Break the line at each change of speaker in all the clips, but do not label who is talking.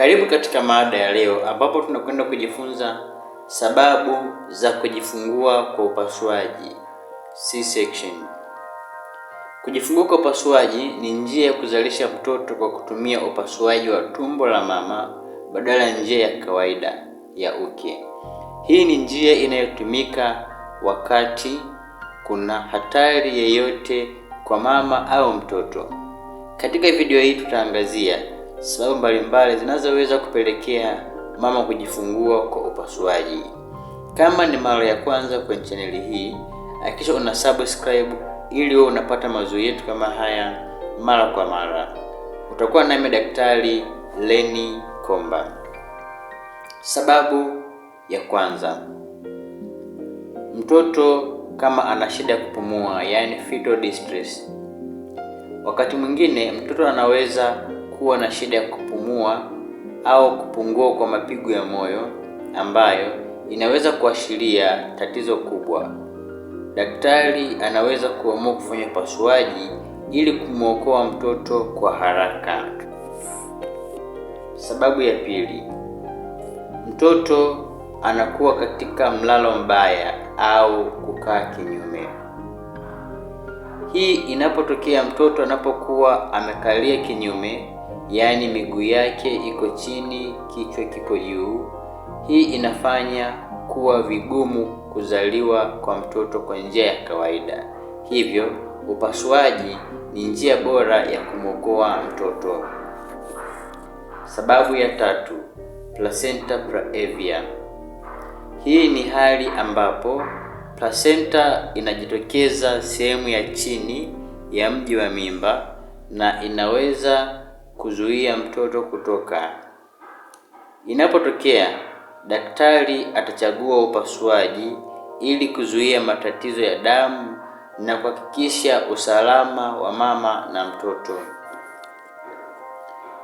Karibu katika mada ya leo ambapo tunakwenda kujifunza sababu za kujifungua kwa upasuaji C-section. Kujifungua kwa upasuaji ni njia ya kuzalisha mtoto kwa kutumia upasuaji wa tumbo la mama badala ya njia ya kawaida ya uke. Hii ni njia inayotumika wakati kuna hatari yeyote kwa mama au mtoto. Katika video hii tutaangazia sababu mbalimbali zinazoweza kupelekea mama kujifungua kwa upasuaji. Kama ni mara ya kwanza kwenye chaneli hii, hakikisha una subscribe ili wewe unapata mazoezi yetu kama haya mara kwa mara. Utakuwa nami Daktari Lenny Komba. Sababu ya kwanza, mtoto kama ana shida ya kupumua, yaani fetal distress. Wakati mwingine mtoto anaweza kuwa na shida ya kupumua au kupungua kwa mapigo ya moyo ambayo inaweza kuashiria tatizo kubwa. Daktari anaweza kuamua kufanya upasuaji ili kumwokoa mtoto kwa haraka. Sababu ya pili, mtoto anakuwa katika mlalo mbaya au kukaa kinyume. Hii inapotokea mtoto anapokuwa amekalia kinyume yaani miguu yake iko chini, kichwa kiko juu. Hii inafanya kuwa vigumu kuzaliwa kwa mtoto kwa njia ya kawaida, hivyo upasuaji ni njia bora ya kumwokoa mtoto. Sababu ya tatu, placenta praevia. Hii ni hali ambapo placenta inajitokeza sehemu ya chini ya mji wa mimba na inaweza kuzuia mtoto kutoka. Inapotokea daktari atachagua upasuaji ili kuzuia matatizo ya damu na kuhakikisha usalama wa mama na mtoto.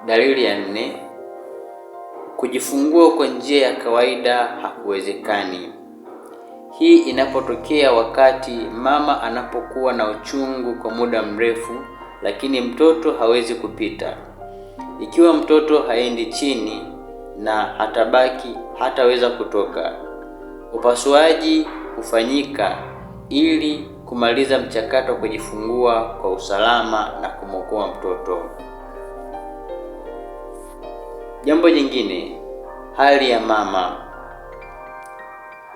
Dalili ya nne, kujifungua kwa njia ya kawaida hakuwezekani. Hii inapotokea wakati mama anapokuwa na uchungu kwa muda mrefu, lakini mtoto hawezi kupita. Ikiwa mtoto haendi chini na hatabaki hataweza kutoka. Upasuaji hufanyika ili kumaliza mchakato wa kujifungua kwa usalama na kumwokoa mtoto. Jambo jingine, hali ya mama.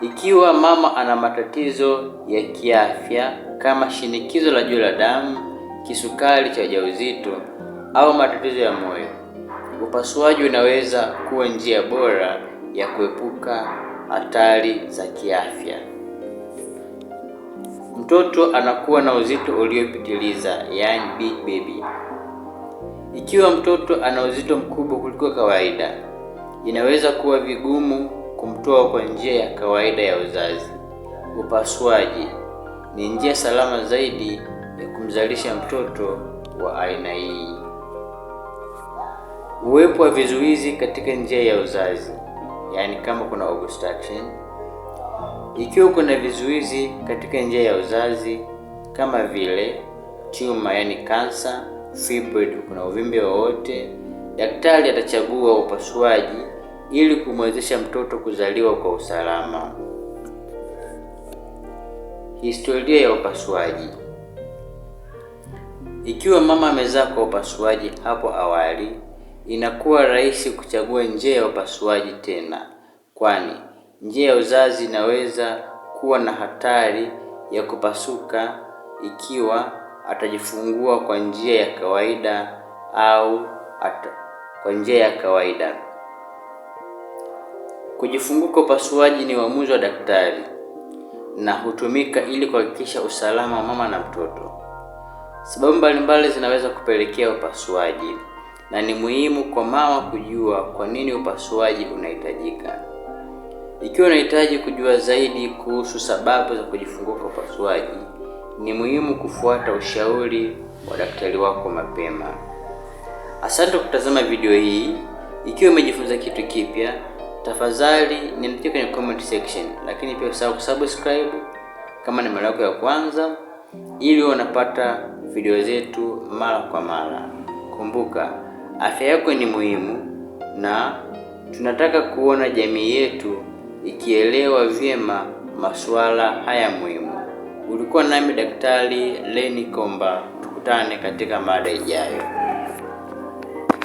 Ikiwa mama ana matatizo ya kiafya kama shinikizo la juu la damu, kisukari cha ujauzito au matatizo ya moyo. Upasuaji unaweza kuwa njia bora ya kuepuka hatari za kiafya. Mtoto anakuwa na uzito uliopitiliza, yani big baby. Ikiwa mtoto ana uzito mkubwa kuliko kawaida, inaweza kuwa vigumu kumtoa kwa njia ya kawaida ya uzazi. Upasuaji ni njia salama zaidi ya kumzalisha mtoto wa aina hii. Uwepo wa vizuizi katika njia ya uzazi, yaani kama kuna obstruction. Ikiwa kuna vizuizi katika njia ya uzazi kama vile tumor, yani kansa, fibroid, kuna uvimbe wowote, daktari atachagua upasuaji ili kumwezesha mtoto kuzaliwa kwa usalama. Historia ya upasuaji. Ikiwa mama amezaa kwa upasuaji hapo awali Inakuwa rahisi kuchagua njia ya upasuaji tena, kwani njia ya uzazi inaweza kuwa na hatari ya kupasuka ikiwa atajifungua kwa njia ya kawaida au ata, kwa njia ya kawaida. Kujifunguka upasuaji ni uamuzi wa daktari na hutumika ili kuhakikisha usalama wa mama na mtoto. Sababu mbalimbali zinaweza kupelekea upasuaji na ni muhimu kwa mama kujua kwa nini upasuaji unahitajika. Ikiwa unahitaji kujua zaidi kuhusu sababu za kujifungua kwa upasuaji, ni muhimu kufuata ushauri wa daktari wako mapema. Asante kwa kutazama video hii. Ikiwa umejifunza kitu kipya, tafadhali niandikie kwenye comment section, lakini pia usahau kusubscribe kama ni mara yako ya kwanza, ili unapata video zetu mara kwa mara. Kumbuka Afya yako ni muhimu na tunataka kuona jamii yetu ikielewa vyema masuala haya muhimu. Ulikuwa nami Daktari Lenny Komba, tukutane katika mada ijayo.